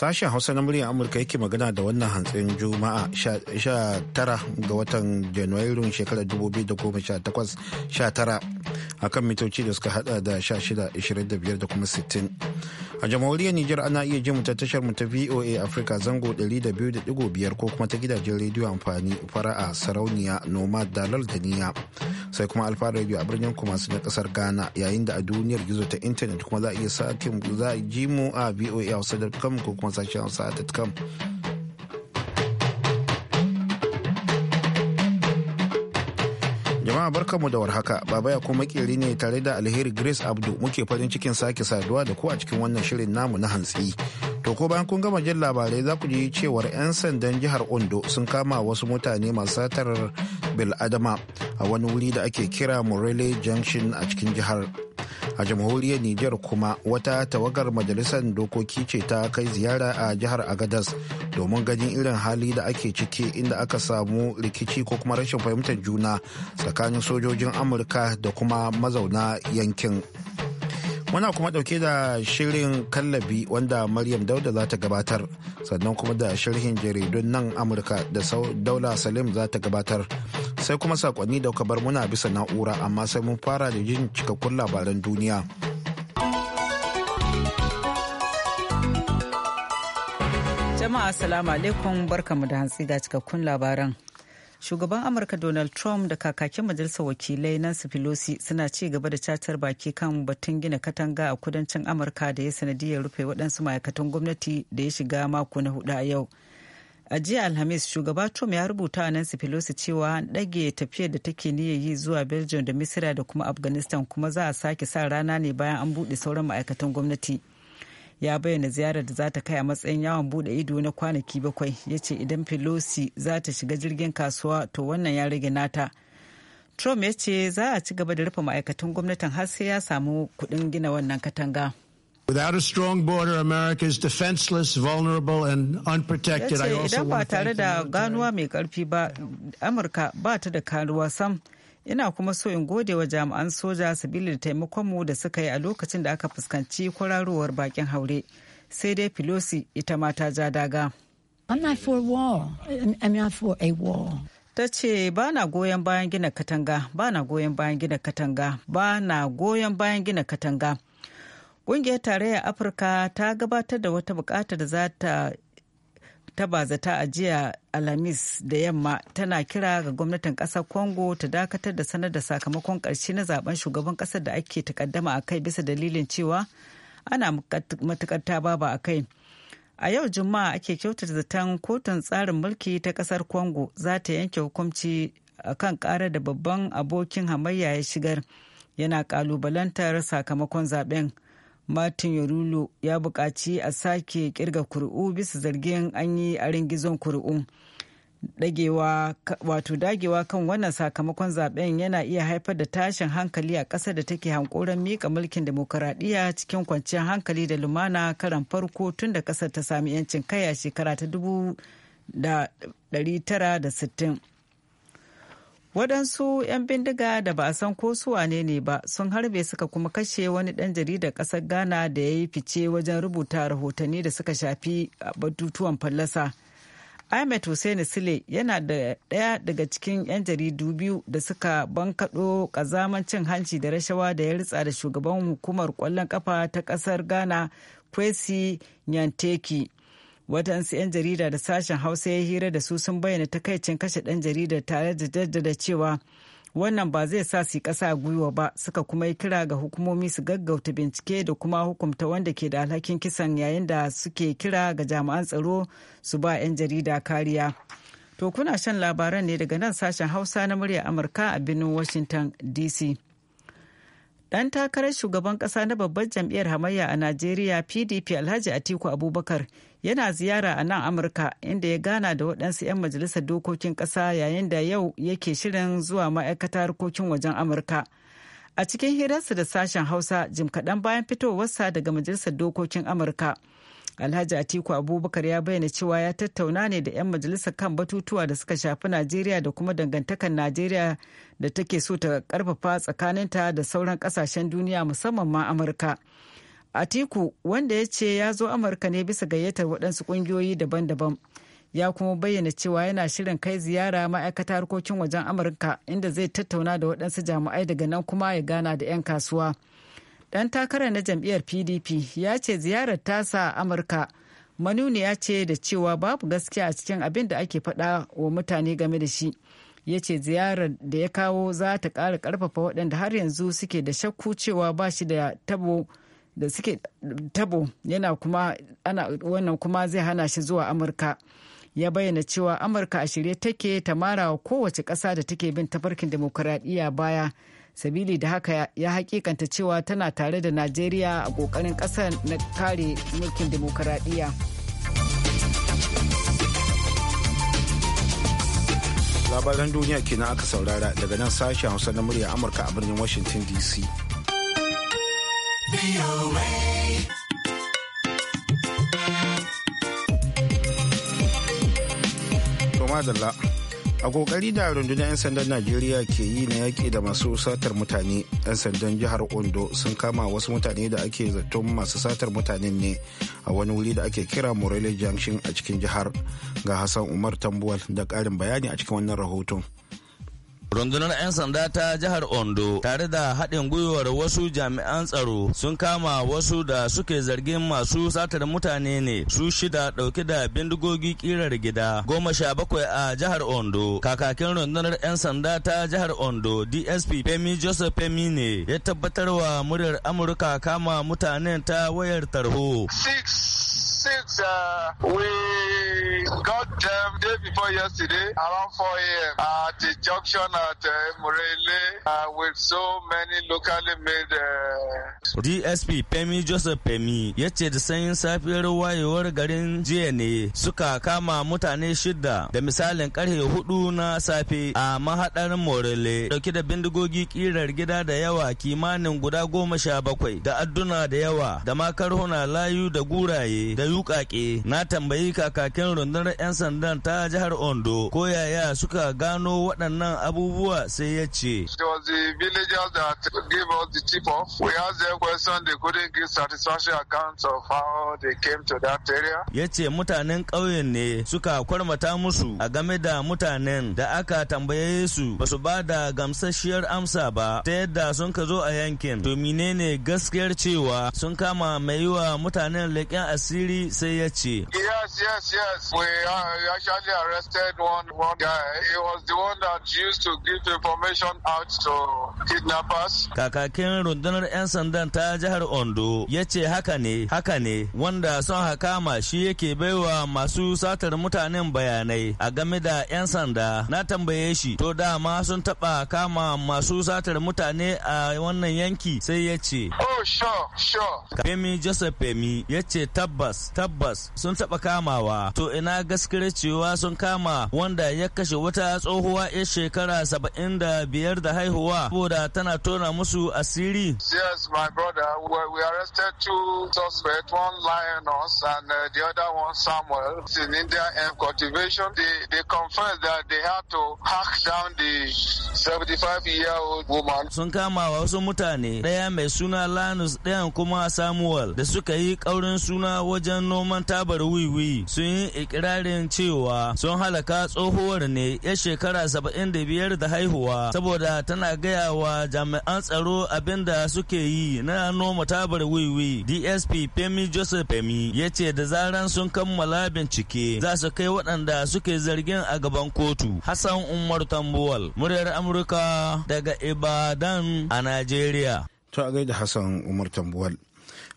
Sashen Hausa na muryar Amurka yake magana da wannan hantsin Juma'a 19 ga watan Janairun shekarar 2018 19 akan mitoci da suka hada da 16.25 da kuma 60 a jamhuriyar Nijar ana iya jin ta tashar mu ta VOA Africa zango 200.5 ko kuma ta gidajen rediyo amfani fara'a sarauniya nomad dalal da niya sai kuma alfa radio a birnin kuma su na kasar Ghana yayin da a duniyar gizo ta intanet kuma za a iya sa za a ji mu a voa hausa.com ko kuma sashen hausa.com Jama'a barkanmu da warhaka, Baba ya kuma makeri ne tare da Alheri Grace Abdu muke farin cikin sake saduwa da ku a cikin wannan shirin namu na hantsi. To ko bayan kun gama jin labarai za ku ji cewar 'yan sandan jihar Ondo sun kama wasu mutane masu satar Bil'adama a wani wuri da ake kira Morele Junction a cikin jihar. A jamhuriyar niger kuma wata tawagar majalisar dokoki ce ta kai ziyara a jihar Agadas domin ganin irin hali da ake ciki inda aka samu rikici ko kuma rashin fahimtar juna tsakanin sojojin amurka da kuma mazauna yankin muna kuma dauke da shirin kallabi wanda maryam dauda za ta gabatar sannan kuma da sharhin jaridun nan amurka da daula salim za ta gabatar sai kuma sakonni da bar muna bisa na'ura amma sai mun fara da jin cikakkun labaran duniya. Jama'a Assalamu alaikum barkamu da hantsi ga cikakkun labaran. Shugaban Amurka Donald Trump da kakakin majalisar wakilai Nancy Pelosi suna ci gaba da catar baki kan batun gina katanga a kudancin Amurka da ya sanadiyar rufe waɗansu ma'aikatan gwamnati da ya shiga mako na hudu a yau. A jiya Alhamis, shugaba Trump ya rubuta a Nancy Pelosi cewa ɗage tafiyar da take niyyar yi zuwa Belgium da Misira da kuma Afghanistan kuma za a sake sa rana ne bayan an buɗe sauran ma'aikatan gwamnati. ya bayyana ziyarar da za ta kai a matsayin yawon bude ido na kwanaki bakwai ya ce idan pelosi za ta shiga jirgin kasuwa to wannan ya rage nata trump ya ce za a ci gaba da rufe ma'aikatan gwamnatin har sai ya samu kuɗin gina wannan katanga Without a strong border, America is defenseless, vulnerable, and unprotected. I also want to thank the Amurka ba ta da karuwa sam ina kuma so in gode wa jami'an soja sabili da taimakonmu da suka yi a lokacin da aka fuskanci kwararowar bakin haure sai dai pelosi ita ma ta ja daga ta ce ba na goyon bayan gina katanga ba na goyon bayan gina katanga ba na goyon bayan gina katanga ƙungiyar tarayyar afirka ta gabatar da wata bukata da za ta ta bazata a jiya alhamis da yamma tana kira ga gwamnatin kasar congo ta dakatar da sanar da sakamakon karshe na zaben shugaban kasar da ake takaddama a kai bisa dalilin cewa ana matukar ta baba a kai a yau juma'a ake kyautata zaton kotun tsarin mulki ta kasar congo za ta yanke hukunci kan ƙara da babban abokin hamayya ya shigar yana kalubalantar sakamakon zaben. martin yorulo ya buƙaci a sake kirga kuri'u bisa zargin an yi a gizon kuri'u wato dagewa kan wannan sakamakon zaben yana iya haifar da tashin hankali a ƙasar da take hankoron mika mulkin demokuraɗiyya cikin kwanciyar hankali da lumana karan farko tun da ƙasar ta sami 'yancin kai a shekara ta 1960 wadansu 'yan bindiga da ba a san ko su wane ne ba sun harbe suka kuma kashe wani ɗan jaridar ƙasar ghana da ya yi fice wajen rubuta rahotanni da suka shafi a batutuwan fallasa ahmed hussein sile yana da ɗaya daga cikin 'yan jaridu biyu da suka bankaɗo ƙazaman cin hanci da rashawa da ya ritsa da shugaban hukumar ƙwallon ƙafa ta ƙasar ghana kwesi nyanteki waɗansu 'yan jarida da sashen hausa ya hira da su sun bayyana takaicin kashe ɗan jarida tare da jaddada cewa wannan ba zai sa su ƙasa a gwiwa ba suka kuma yi kira ga hukumomi su gaggauta bincike da kuma hukumta wanda ke da alhakin kisan yayin da suke kira ga jami'an tsaro su ba 'yan jarida kariya to kuna shan labaran ne daga nan sashen hausa na murya amurka a birnin washington dc dan takarar shugaban ƙasa na babbar jam'iyyar hamayya a najeriya pdp alhaji atiku abubakar yana ziyara a nan amurka inda ya gana da waɗansu 'yan majalisar dokokin ƙasa yayin da yau yake shirin zuwa ma'aikatar harkokin wajen amurka a cikin hirarsa da sashen hausa jim kaɗan bayan fitowarsa daga majalisar dokokin amurka alhaji atiku abubakar ya bayyana cewa ya tattauna ne da 'yan majalisar kan batutuwa da suka shafi najeriya da kuma dangantakar najeriya da take so ta karfafa tsakaninta da sauran kasashen duniya musamman ma amurka Atiku wanda ya ce ya zo Amurka ne bisa gayyatar waɗansu ƙungiyoyi daban-daban. Ya kuma bayyana cewa yana shirin kai ziyara ma'aikata harkokin wajen Amurka inda zai tattauna da waɗansu jami'ai daga nan kuma ya gana da 'yan kasuwa. Ɗan takara na jam'iyyar PDP ya ce ziyarar tasa Amurka manuniya ce da cewa babu gaskiya a cikin abin da ake faɗa wa mutane game da shi. ya ce ziyarar da ya kawo za ta ƙara ƙarfafa waɗanda har yanzu suke da shakku cewa ba shi da tabo da suke tabo yana kuma ana wannan kuma zai hana shi zuwa amurka ya bayyana cewa amurka a shirye take ta mara kowace ƙasa da take bin tafarkin demokuraɗiyya baya sabili da haka ya hakikanta cewa tana tare da najeriya a kokarin ƙasa na kare mulkin demokuraɗiyya labaran duniya kenan aka saurara daga nan sashen hausa na murya amurka a birnin washington dc Madalla. A kokari da rundunar 'yan sandan Najeriya ke yi na yaƙi da masu satar mutane, 'yan sandan jihar Ondo sun kama wasu mutane da ake zaton masu satar mutanen ne a wani wuri da ake kira Morele Junction a cikin jihar. Ga Hassan Umar Tambuwal da ƙarin bayani a cikin wannan rahoton. Rundunar 'yan sanda ta jihar Ondo tare da haɗin gwiwar wasu jami'an tsaro sun kama wasu da suke zargin masu satar mutane ne su shida ɗauke da bindigogi kirar gida goma sha bakwai a jihar Ondo. Kakakin rundunar 'yan sanda ta jihar Ondo DSP Femi Joseph Femi ne ya tabbatarwa muryar Amurka kama mutanen ta wayar tarho. since uh, we got them um, day before yesterday around 4 a.m. at the junction at uh, Murele, uh with so many locally made. Uh... DSP Pemi Joseph Pemi ya ce da sanyin safiyar wayewar garin jiya ne suka kama mutane shida da misalin karfe hudu na safe a mahadar Murele dauke da bindigogi kirar gida da yawa kimanin guda goma sha bakwai da adduna da yawa da makarhuna layu da guraye da yukake na tambayi kakakin rundunar 'yan sandan ta jihar Ondo ko yaya suka gano waɗannan abubuwa sai ya ce. Ya ce mutanen ƙauyen ne suka kwarmata musu a game da mutanen da aka tambaye su ba su ba da gamsasshiyar amsa ba ta yadda sun ka zo a yankin. To menene gaskiyar cewa sun kama mai yiwa mutanen leƙen asiri sai ya ce. Yes, yes, yes. We uh, actually arrested one, one guy. He was the one that used to give information out to kidnappers. Kakakin rundunar 'yan sandan ta jihar Ondo ya ce haka ne, haka ne, wanda son hakama shi yake baiwa masu satar mutanen bayanai a game da 'yan sanda. Na tambaye shi, to dama sun taɓa kama masu satar mutane a wannan yanki sai ya ce. Oh, sure, sure. Femi Joseph Femi ya ce tabbas tabbas sun taɓa kamawa to ina gaskiyar cewa sun kama wanda ya kashe wata tsohuwa ya shekara saba'in da biyar da haihuwa saboda tana tona musu asiri. Yes, my brother, we, arrested two suspects, one lioness and uh, the other one Samuel in India and cultivation. They, they confessed that they had to hack down the 75-year-old woman. Sun kama wasu mutane, ɗaya mai suna Lanus, ɗayan kuma Samuel, da suka yi ƙaurin suna wajen kamfanin noman tabar wiwi sun yi ikirarin cewa sun halaka tsohuwar ne ya shekara saba'in da biyar da haihuwa saboda tana gaya wa jami'an tsaro abin da suke yi na noma tabar wiwi dsp femi joseph femi ya ce da zaran sun kammala bincike za su kai waɗanda suke zargin a gaban kotu hassan umar tambuwal muryar amurka daga ibadan a najeriya to a gaida hassan umar tambuwal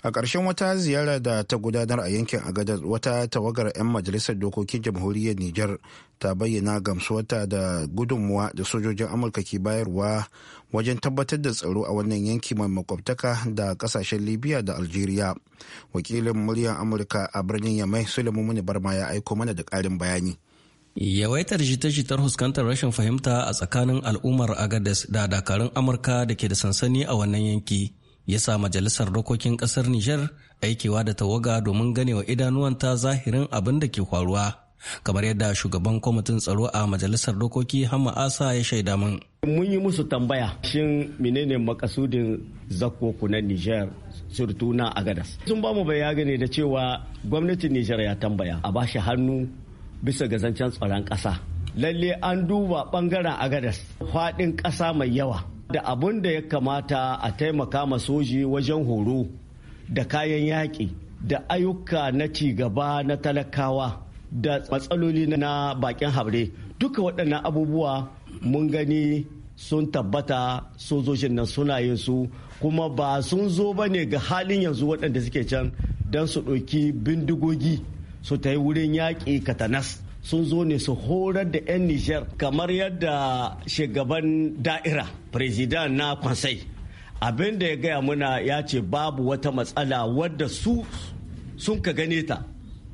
a ƙarshen wata ziyara da ta gudanar a yankin agadar wata tawagar 'yan majalisar dokokin jamhuriyar niger ta bayyana gamsuwata da gudunmuwa da sojojin amurka ke bayarwa wajen tabbatar da tsaro a wannan yanki mai makwabtaka da kasashen libya da algeria wakilin muryar amurka a birnin yamai sulaimu barma ya aiko mana da ƙarin bayani Yawaitar jita-jitar huskantar rashin fahimta a tsakanin al'ummar Agades da dakarun Amurka da ke da sansani a wannan yanki ya sa majalisar dokokin kasar Nijar aikewa da tawaga domin ganewa idanuwanta zahirin abin da ke faruwa. kamar yadda shugaban kwamitin tsaro a majalisar dokoki hamma asa ya shaida min. mun yi musu tambaya shin menene makasudin zakoku na Nijar surtu na agadas sun ba mu bayani da cewa gwamnatin Nijar ya tambaya a bashi hannu bisa ga zancen tsaron kasa. lalle an duba bangaren agadas faɗin ƙasa mai yawa da abun da ya kamata a taimaka ma soji wajen horo da kayan yaƙi da ayyuka na ci gaba na talakawa da matsaloli na bakin habre duka waɗannan abubuwa mun gani sun tabbata sojojin nan suna yin su kuma ba sun zo ba ne ga halin yanzu waɗanda suke can don su ɗauki bindigogi su ta yi wurin yaƙi katanas sun zo ne su horar da 'yan Nijar kamar yadda shugaban da'ira, president na kwansai. abinda ya gaya muna ya ce babu wata matsala wadda su sun ka gane ta,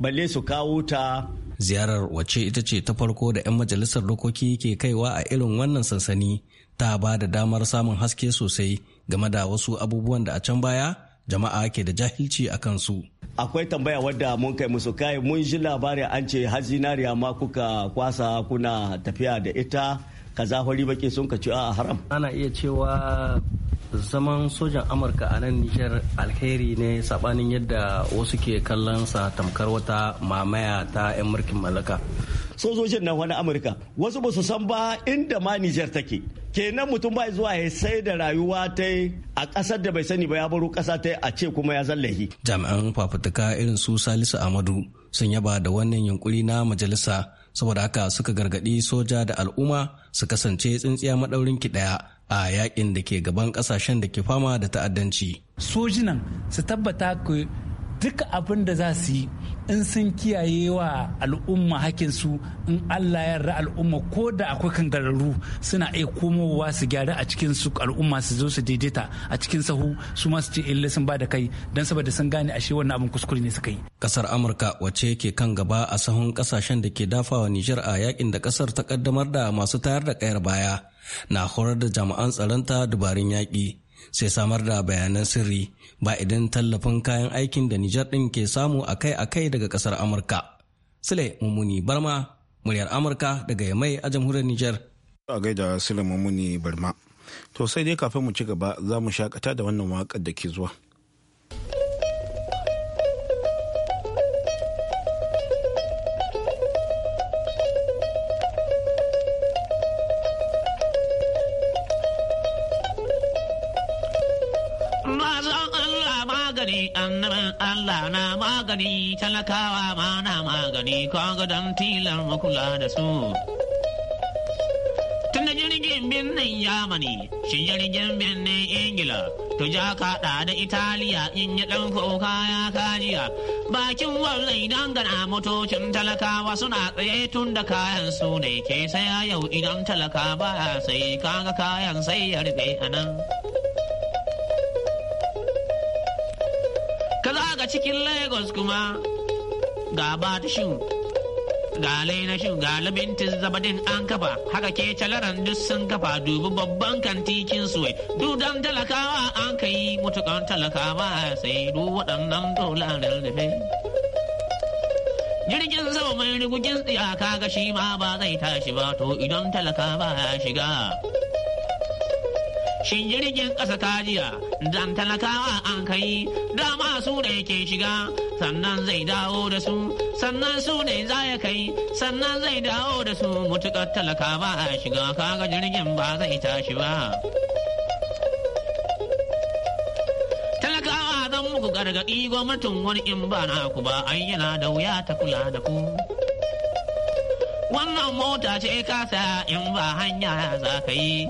balle su kawo ta ziyarar wace ita ce ta farko da 'yan majalisar dokoki ke kaiwa a irin wannan sansani ta ba da damar samun haske sosai game da wasu abubuwan da a can baya jama'a ke da jahilci a kansu. akwai tambaya wadda mun kai musu kai mun ji labari an ce har zinariya ma kuka kwasa kuna tafiya da ita kaza hori baki sun ka ci a haram ana iya cewa zaman sojan amurka a nan nijar alheri ne sabanin yadda wasu ke kallon sa tamkar wata mamaya ta 'yan mulkin mallaka sojojin nan wani amurka wasu ba su san ba inda ma nijar take kenan mutum bai zuwa ya sai da rayuwa ta a kasar da bai sani ba ya baro kasa ta a ce kuma ya zallahi jami'an fafutuka irin su salisu amadu sun yaba da wannan yunkuri na majalisa saboda haka suka gargadi soja da al'umma su kasance tsintsiya maɗaurin ki daya a yakin da ke gaban kasashen da ke fama da ta'addanci. sojinan su tabbata ku duka abin da za su yi in sun kiyaye wa al'umma hakinsu in allah yarda al'umma ko da akwai kan kangararru suna iya komowa su gyara a cikin su al'umma su zo su daidaita a cikin sahu su ma su ce illa eh, sun ba da kai don saboda sun gane ashe wannan abin kuskure ne suka yi kasar amurka wace ke kan gaba a sahun kasashen da ke dafawa nijar a yakin da kasar ta kaddamar da masu tayar da kayar baya na horar da jami'an tsaronta dubarun yaƙi sai samar da bayanan sirri ba idan tallafin kayan aikin da Nijar ɗin ke samu akai-akai daga ƙasar Amurka. Sule Mummuni Barma, muryar Amurka daga Yamai a jamhuriyar Nijar. A gaida Sule Mummuni Barma. To sai dai kafin mu ci gaba za mu shakata da wannan waƙar da ke zuwa. Allah na magani talakawa ma na magani kaga don tilar makula da su. Tun da jirgin birnin Yamani, shi jirgin birnin Ingila, to ja kaɗa da Italiya in yi ɗan kuka ya kajiya. Bakin wanda idan gana motocin talakawa suna tsaye tun da kayan su ne ke saya yau idan talaka ba sai kaga kayan sai ya rufe a nan. daga cikin Lagos kuma ga Batishin ga shin ga Labintin Zabadin an kafa haka ke calaran duk sun kafa dubi babban kantikin duk dudan talakawa an ka yi mutukan talakawa sai du waɗannan dolarar da jirgin sama mai rigugin tsiyaka ga shi ma ba zai tashi ba to idan talakawa ya shiga shin jirgin ƙasa ta jiya dan talakawa an kai dama su ne ke shiga sannan zai dawo da su sannan su ne za ya kai sannan zai dawo da su mutuƙar talaka ba a shiga kaga jirgin ba zai tashi ba talakawa zan muku gargaɗi gwamnatin wani in ba na ku ba yana da wuya ta kula da ku wannan mota ce kasa in ba hanya za ka yi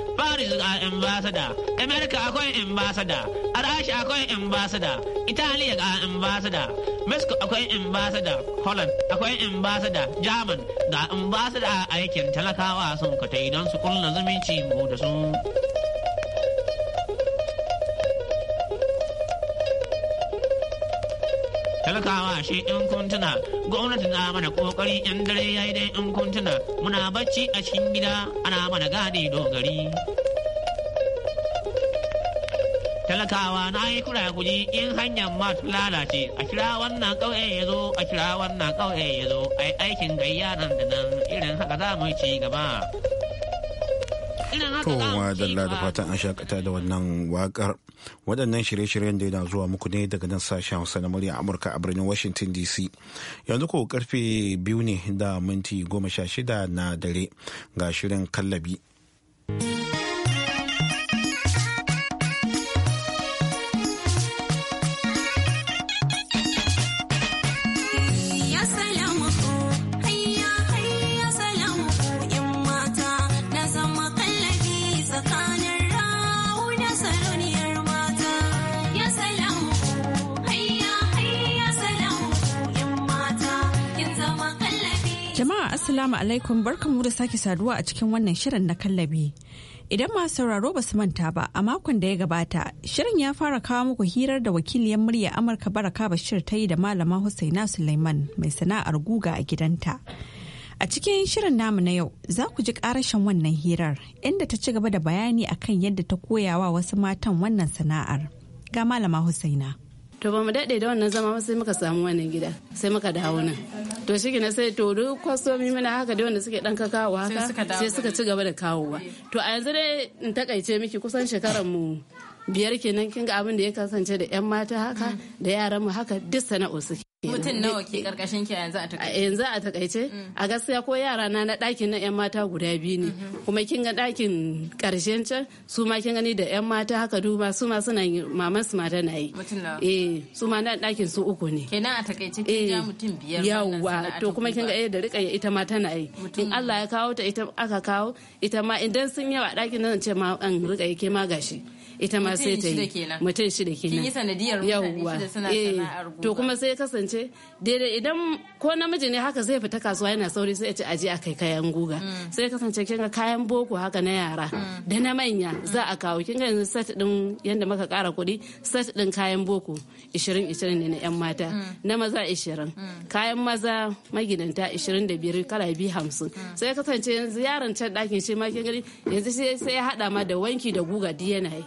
Paris a uh, ambassador, America akwai ambassador, rasha akwai ambassador, Italiya a uh, ambassador, Mexico akwai ambassador, Holland akwai ambassador, German ga ambassador a aikin talakawa sun kwata don su kulla zumunci mu da su. talakawa shi in kuntuna gwamnati na mana kokari yan dare yayi dai in kuntuna muna bacci a cikin gida ana mana gadi dogari talakawa na yi kura guji in hanyar ma lalace a kira wannan ƙauye ya zo a kira wannan ƙauye ya zo a yi aikin gayya nan da nan irin haka za mu ci gaba. To madalla da fatan an shakata da wannan wakar. Waɗannan shirye-shiryen da yana zuwa muku ne daga nan sashen Hausa na murya Amurka a birnin Washington DC. Yanzu ko karfe biyu ne da minti goma sha shida na dare ga shirin kallabi. Assalamu alaikum barkanmu da sake saduwa a cikin wannan shirin na kallabi. Idan masu sauraro ba su manta ba a makon da ya gabata, shirin ya fara kawo muku hirar da wakiliyar murya Amurka Baraka Bashir ta yi da Malama Husaina suleiman mai sana'ar guga a gidanta. A cikin shirin namu na yau za ku ji ƙarashin wannan hirar inda ta ci gaba da bayani akan yadda ta koyawa wasu matan wannan sana'ar. Ga Malama Husaina. to ba mu daɗe da wannan zama ba sai muka samu wannan gida sai muka dawo nan to shi na sai to duk kwastomi muna haka da wanda suke dan kawo haka sai suka ci gaba da kawowa to a yanzu dai in takaice miki kusan shekaran mu biyar kenan kin ga abin da ya kasance da yan mata haka da yaran mu haka duk sana'o suke mutum nawa ke karkashin ki yanzu a takaice yanzu a takaice a gaskiya ko yara na na ɗakin na yan mata guda biyu ne kuma kin ga ɗakin karshen can su ma kin gani da yan mata haka duba su ma suna maman su mata na yi eh su ma na ɗakin su uku ne kenan a takaice kin eh, ja mutum biyar Yawwa to kuma kin ga da rika ita ma tana yi in Allah ya kawo ta ita aka kawo ita ma idan sun yawa ɗakin nan ce ma an rika yake ma gashi ita ma sai ta yi mutum shida kenan kin yi sanadiyar mutane suna eh, sana'ar goma to kuma sai kasance daidai idan ko namiji ne haka zai fita kasuwa yana sauri sai ya ci aje akai kayan guga mm. sai kasance kinga kayan boko haka na yara mm. da na manya za a kawo kinga yanzu set din yanda muka kara kuɗi set din kayan boko 20 20 ne na yan mata mm. na maza 20 kayan maza magidanta 25 kala bi 50 sai kasance yanzu yaran can ɗakin shi ma kin gani yanzu sai ya haɗa ma da wanki da guga duk yana yi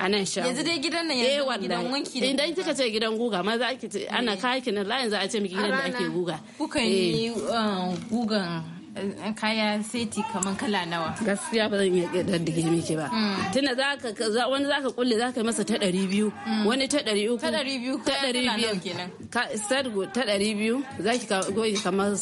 a nan shago yanzu dai gidan nan yanzu eh, gidan wanki idan kika ce gidan guga ma za ki ce ana eh. kaki nan layin za a ce miki gidan da ake guga kuka eh. yi um, gugan kaya seti kaman kala nawa gaskiya ba zan iya daddige miki ba hmm. tunda zaka wani ka kulle za ka masa ta ɗari biyu. Hmm. wani ta ɗari uku, ta ɗari kaya ta 200 kenan ta ɗari biyu, za ki goyi kamar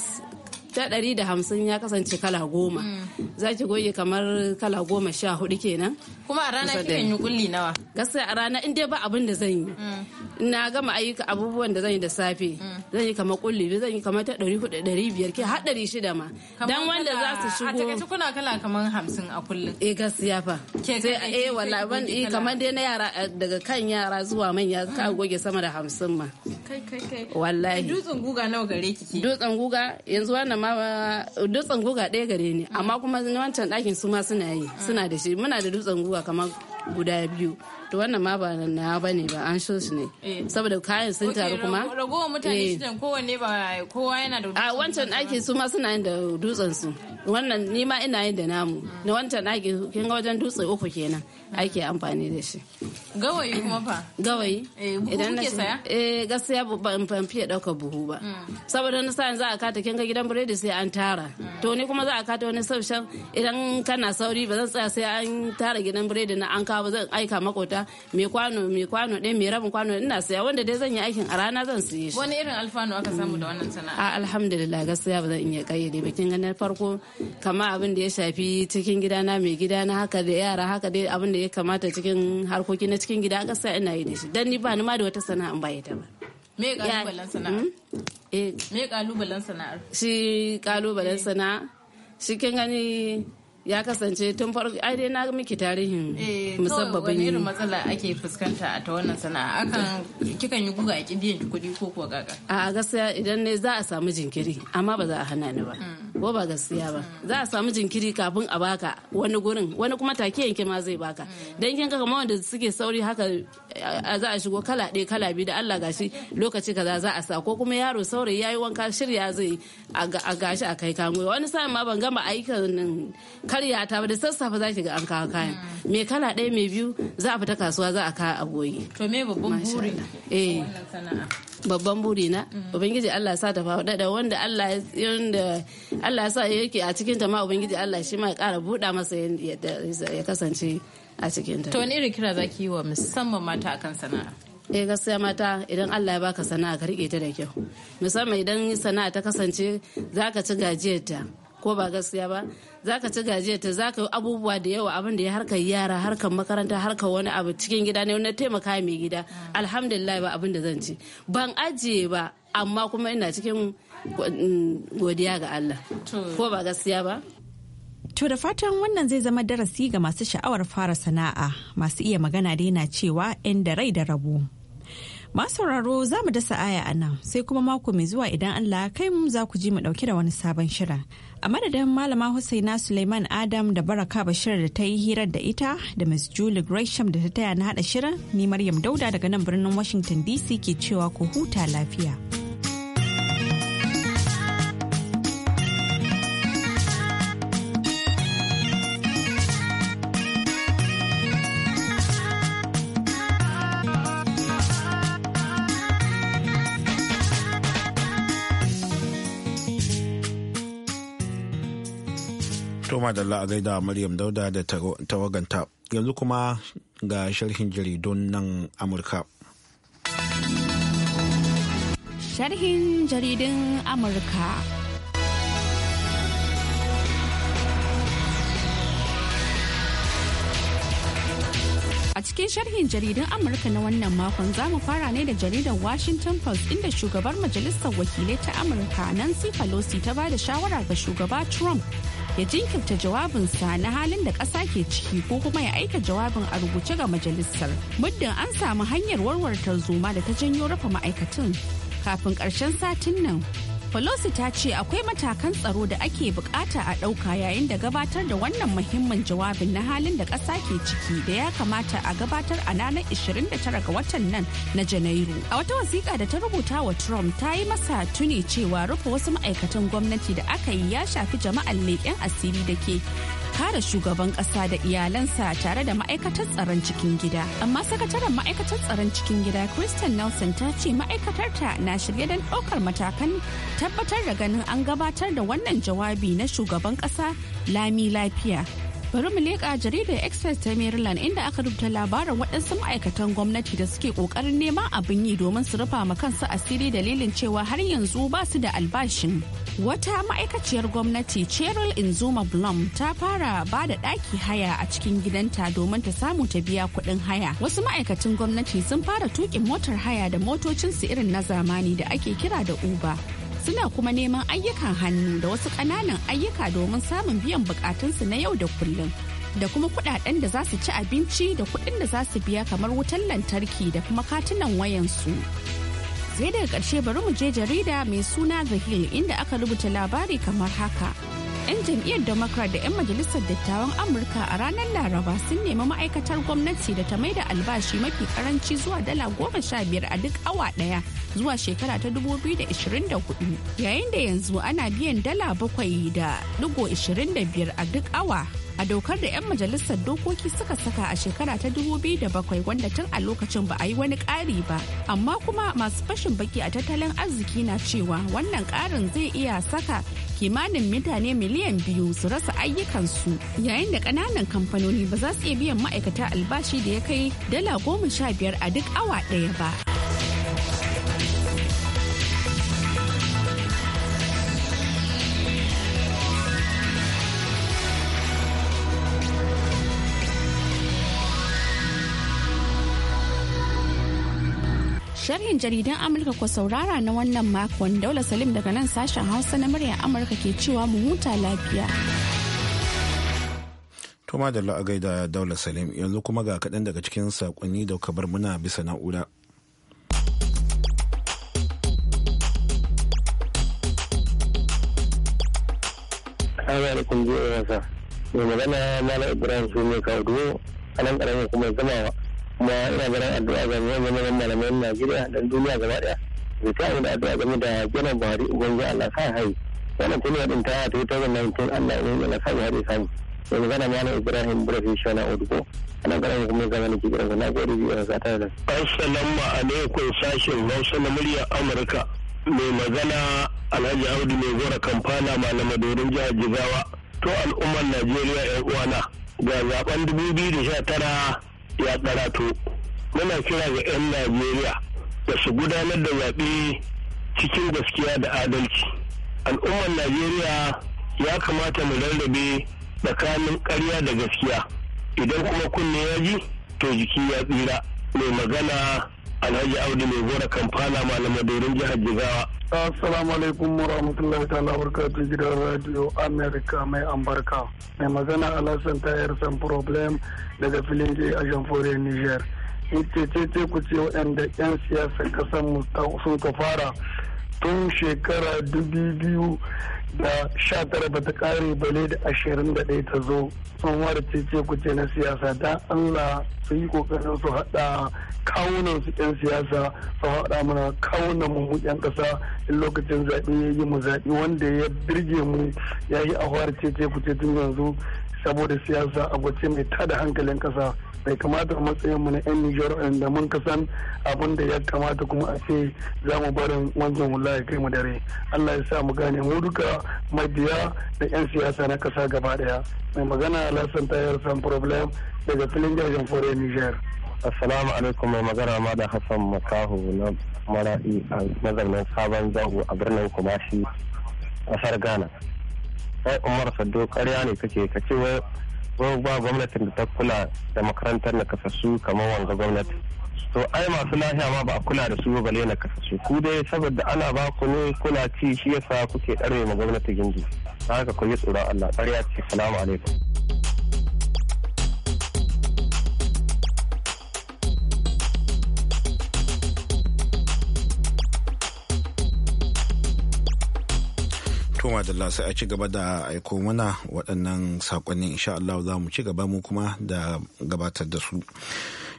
ta ɗari da hamsin ya kasance kala goma mm. za ki goge kamar kala goma sha hudu kenan kuma a rana kiran yi kulli nawa gaskiya a rana in dai ba abin da zan yi mm. na gama ayyuka abubuwan da zan yi da safe zan yi kama kulli zan yi kama ta ɗari hudu ɗari biyar ke har ɗari shida ma dan wanda za su shigo a takaice kuna kala kamar hamsin a kullum eh gaskiya fa sai eh wala ban eh kamar dai na yara eh, daga kan yara zuwa manya ka mm. goge sama da hamsin ma kai kai kai wallahi dutsen guga nawa gare ki ke dutsen guga yanzu wannan ma eh, dutsen guga ɗaya gare ne amma kuma wancan ɗakin su ma suna yi suna da shi muna da dutsen guga kamar guda biyu to wannan ma ba na ba ne ba an so su ne eh. saboda kayan sun taru kuma ragowar mutane eh. shidan kowanne ba kowa yana da dutsen a wancan aiki su ma suna yin da dutsen su wannan ni ma ina yin da namu na wancan aiki kin ga wajen dutse uku kenan ake amfani da shi gawayi kuma fa gawayi eh, idan na saya eh gaskiya ban ban fiye dauka buhu ba hmm. saboda na sa'in za a kata kin ga gidan biredi sai an tara hmm. to ni kuma za a kata wani sabshan idan kana sauri ba zan tsaya sai an tara gidan biredi na an kawo ba zan aika makota auduga mai kwano me kwano ɗaya mai rabin kwano ina saya wanda dai zan yi aikin a rana zan siye shi. Wani irin alfanu aka samu da wannan sana'a? A alhamdulillah gaskiya ba zan iya kayyade ba kin ga na farko kama abin da ya shafi cikin gida na mai gida na haka da yara haka dai abin da ya kamata cikin harkoki na cikin gida gaskiya ina yi da shi dan ni ba ni ma da wata sana'a ba ita ba. Me kalubalen sana'ar? Hmm? Eh. Me kalubalen sana'ar? Shi kalubalen sana'a shi kin gani ya kasance tun farko ai dai na miki tarihin eh, musabbabin irin matsala ake fuskanta a ta wannan sana'a akan kikan yi guga a biyan kuɗi ko kuwa gaga a gaskiya idan ne za a samu jinkiri amma ba za a hana ni ba mm. ko ba gaskiya ba mm. za a samu jinkiri kafin a baka wani gurin wani kuma take yanke ma zai baka mm. dan kin ga kamar wanda suke sauri haka za a shigo kala ɗaya kala biyu da Allah gashi lokaci kaza za a sa ko kuma yaro saurayi yayi wanka shirya zai a gashi a kai kamo wani sa'in ma ban gama aikin karya ta ba da sassafe za ki ga an kawo mm. kayan me kala ɗaya mai biyu za a fita kasuwa za a kawo goyi. to me babban buri eh babban buri na mm. ubangiji Allah sa ta fawo da wanda Allah yanda Allah sa yake a cikin ta ma ubangiji Allah shi ma ya kara buɗa masa yadda ya kasance a cikin ta to wani irin kira zaki yi wa musamman mata akan sana'a eh gaskiya mata idan Allah ya baka sana'a ka rike ta da kyau musamman idan sana'a ta kasance zaka ci gajiyar ta ko ba gaskiya ba zaka ci gajiyar ta zaka abubuwa da yawa abin da ya harkar yara harkar makaranta harkar wani abu cikin gida ne na taimaka mai gida alhamdulillah ba abin da zan ci ban ajiye ba amma kuma ina cikin godiya ga Allah ko ba gaskiya ba To da fatan wannan zai zama darasi ga masu sha'awar fara sana'a masu iya magana dai na cewa 'yan da rai da rabo. sauraro za mu dasa aya a nan sai kuma mako mai zuwa idan Allah kai mu za ku ji mu dauke da wani sabon shirin. A madadin Malama Husaina Suleiman Adam da Baraka Bashir da ta yi hirar da ita da ms Julie Gresham da ta taya na hada shirin ni Maryam Dauda daga nan birnin Washington DC ke cewa ku huta lafiya. da a da Maryam Dauda da tawaganta. Yanzu kuma ga sharhin jaridun nan Amurka. Sharhin jaridun Amurka. A cikin sharhin jaridun Amurka na wannan makon za mu fara ne da jaridar Washington Post inda shugabar majalisar wakilai ta Amurka Nancy Pelosi ta ba da shawara ga shugaba Trump ya jinkirta jawabinsa na halin da ƙasa ke ciki ko kuma ya aika jawabin a rubuce ga majalisar muddin an samu hanyar warware tarzoma da ta janyo rufe ma'aikatan kafin ƙarshen satin nan Pelosi ta ce akwai matakan tsaro da ake bukata a ɗauka yayin da gabatar da wannan muhimmin jawabin na halin da ƙasa ke ciki da ya kamata a gabatar a ranar 29 ga watan nan na Janairu. A wata wasiƙa da ta rubuta wa Trump ta yi masa tuni cewa rufe wasu ma'aikatan gwamnati da aka yi ya shafi jama'an leƙen asiri da ke kare shugaban kasa da iyalansa tare da ma'aikatar tsaron cikin gida. Amma sakataren ma'aikatar tsaron cikin gida Kristen Nelson ta ce ma'aikatarta na shirye don ɗaukar matakan tabbatar da ganin an gabatar da wannan jawabi na shugaban kasa lami lafiya. bari mu leƙa jaridar express ta maryland inda aka rubuta labarin waɗansu ma'aikatan gwamnati da suke ƙoƙarin neman abin yi domin su rufa ma kansu asiri dalilin cewa har yanzu ba su da albashin wata ma'aikaciyar gwamnati cheryl inzuma Blum ta fara ba da ɗaki haya a cikin gidanta domin ta samu ta biya kuɗin haya wasu ma'aikatan gwamnati sun fara tukin motar haya da motocinsu irin na zamani da ake kira da uber suna kuma neman ayyukan hannu da wasu ƙananan ayyuka domin samun biyan bukatunsu na yau da kullum da kuma kuɗaɗen da za su ci abinci da kuɗin da za su biya kamar wutar lantarki da kuma katunan wayansu. sai daga ƙarshe bari mu je jarida mai suna The Hill inda aka rubuta labari kamar haka. 'Yan jam'iyyar Democrat da 'yan majalisar dattawan Amurka a ranar Laraba sun nemi ma'aikatar gwamnati da ta maida albashi mafi karanci zuwa dala goma sha biyar a duk awa ɗaya zuwa shekara ta 2024 yayin da yanzu ana biyan dala bakwai da digo 25 a duk awa a dokar da 'yan majalisar dokoki suka saka a shekara ta 2007 wanda tun a lokacin ba a yi wani ƙari ba amma kuma masu fashin baki a tattalin arziki na cewa wannan ƙarin zai iya saka kimanin mutane miliyan biyu su rasa ayyukansu yayin da ƙananan kamfanoni ba za su iya biyan ma'aikata albashi da ya kai dala goma sha biyar a duk awa ɗaya ba. Sharhin jaridan Amurka ku saurara na wannan makon Daula Salim daga nan sashen Hausa na murya Amurka ke cewa mu huta lafiya. Toma da la'agai gaida Daula Salim yanzu kuma ga kaɗan daga cikin saƙonni da bar muna bisa na'ura. Assalamu alaikum jiya yasa. Mai magana Malam Ibrahim Sule Kaudu a nan ƙaramin kuma zamawa. kuma ina ganin addu'a ga manyan malaman Najeriya da duniya gaba daya da ta yi addu'a game da janar Buhari ubangi Allah sa hai wannan kuma din ta ta ta zama tun Allah ya yi sa Buhari sami da magana malam Ibrahim Burafi Shana Oduko ana ganin kuma zama ne kiran na gode da a sata da Assalamu alaikum sashin Hausa na muryar Amurka mai magana Alhaji Audu mai gora kamfana malama dorin jihar Jigawa to al'ummar Najeriya 'yan uwana ga zaben 2019 ya karatu muna kira ga 'yan najeriya da su gudanar da zaɓe cikin gaskiya da adalci al'ummar najeriya ya kamata mu rarrabe tsakanin karya da gaskiya idan kuma kunne ya ji to jiki ya tsira mai magana alhaji audu mai gora kamfana malamai dorin jihar jigawa assalamu alaikum warahmatullahi ta'ala barkatu gidan radio america mai ambarka mai magana alhassan tayar san problem daga filin je a Jamfore niger ita ce ce ku ce waɗanda 'yan siyasar kasan mu sun ka fara tun shekara dubu biyu da sha tara bata kare bale da ashirin da ɗaya ta zo sun ware cece kuce na siyasa da allah su yi kokarin su haɗa kawunan su yan siyasa su haɗa mana kawunan mu yan ƙasa in lokacin zaɓe ya yi mu zaɓe wanda ya birge mu ya yi a cece kuce tun yanzu saboda siyasa a gwace mai tada hankalin ƙasa bai kamata a matsayin mu na yan nijar da mun kasan abin da ya kamata kuma a ce za mu barin wanzan hula ya kai mu dare allah ya sa mu gane mu duka mabiya da yan siyasa na kasa gaba daya mai magana alasan tayar san problem daga filin jajen fure nijar. assalamu alaikum mai magana ma da hassan Makahu na mara'i a mazaunin sabon zango a birnin kumashi kasar ghana sai umar saddo karya ne kake kace wai ba gwamnatin da ta kula da makarantar na kasassu kamar wanga gwamnati to ai masu lahiya ma ba a kula da su ba bale na kasassu ku dai saboda ana ba ku ne kula ci shi yasa kuke ɗarwe ma gwamnati gindi haka ku yi tsoron Allah tsariya ce salamu alaikum koma da lasa a ci gaba da aiko mana waɗannan saƙonni insha Allah za mu ci gaba mu kuma da gabatar da su.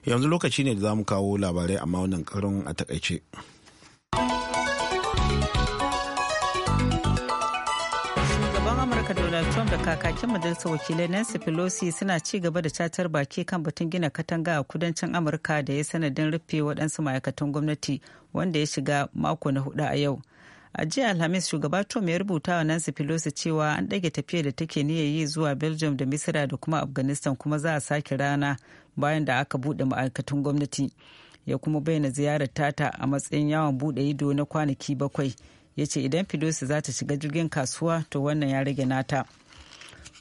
Yanzu lokaci ne da za mu kawo labarai amma wannan karin a takaice. Shugaban Amurka Donald Trump da kakakin majalisar wakilai Nancy Pelosi suna ci gaba da catar baki kan batun gina katanga a kudancin Amurka da ya sanadin rufe waɗansu ma'aikatan gwamnati wanda ya shiga mako na hudu a yau. a jiya alhamis shugaba tom ya rubuta wa nancy pelosi cewa an ɗage tafiyar da take niyya yi zuwa belgium da misira da kuma afghanistan kuma za a sake rana bayan da aka buɗe ma'aikatan gwamnati ya kuma bayyana ziyarar tata a matsayin yawon buɗe ido na kwanaki bakwai ya ce idan pelosi za ta shiga jirgin kasuwa to wannan ya rage nata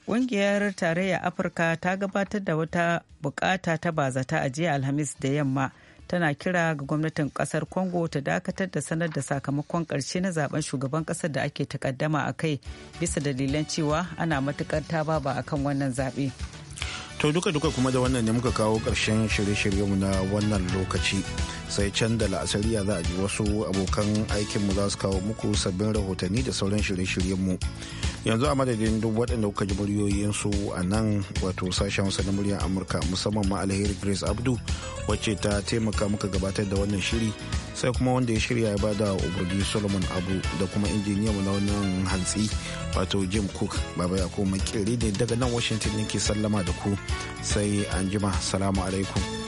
ƙungiyar tarayyar afirka ta gabatar da wata bukata ta bazata a jiya alhamis da yamma tana kira ga gwamnatin kasar congo ta dakatar da sanar da sakamakon karshe na zaben shugaban kasar da ake takaddama a kai bisa dalilan cewa ana matukar tababa a kan wannan zaɓe. to duka duka kuma da wannan ne muka kawo ƙarshen shirye-shiryenmu na wannan lokaci sai can da la'asariya za a ji wasu abokan aikinmu za su kawo muku sabbin rahotanni da sauran shirye-shiryenmu. mu yanzu a madadin duk waɗanda kuka ji muryoyinsu a nan wato sashen hausa na muryar amurka musamman ma alheri grace abdu wacce ta taimaka muka gabatar da wannan shiri sai kuma wanda ya shirya ya bada ubudi solomon abu da kuma injiniyanmu na wannan hantsi wato jim cook baba ya koma kiri ne daga nan washington ne ke sallama da ku sai anjima salamu alaikum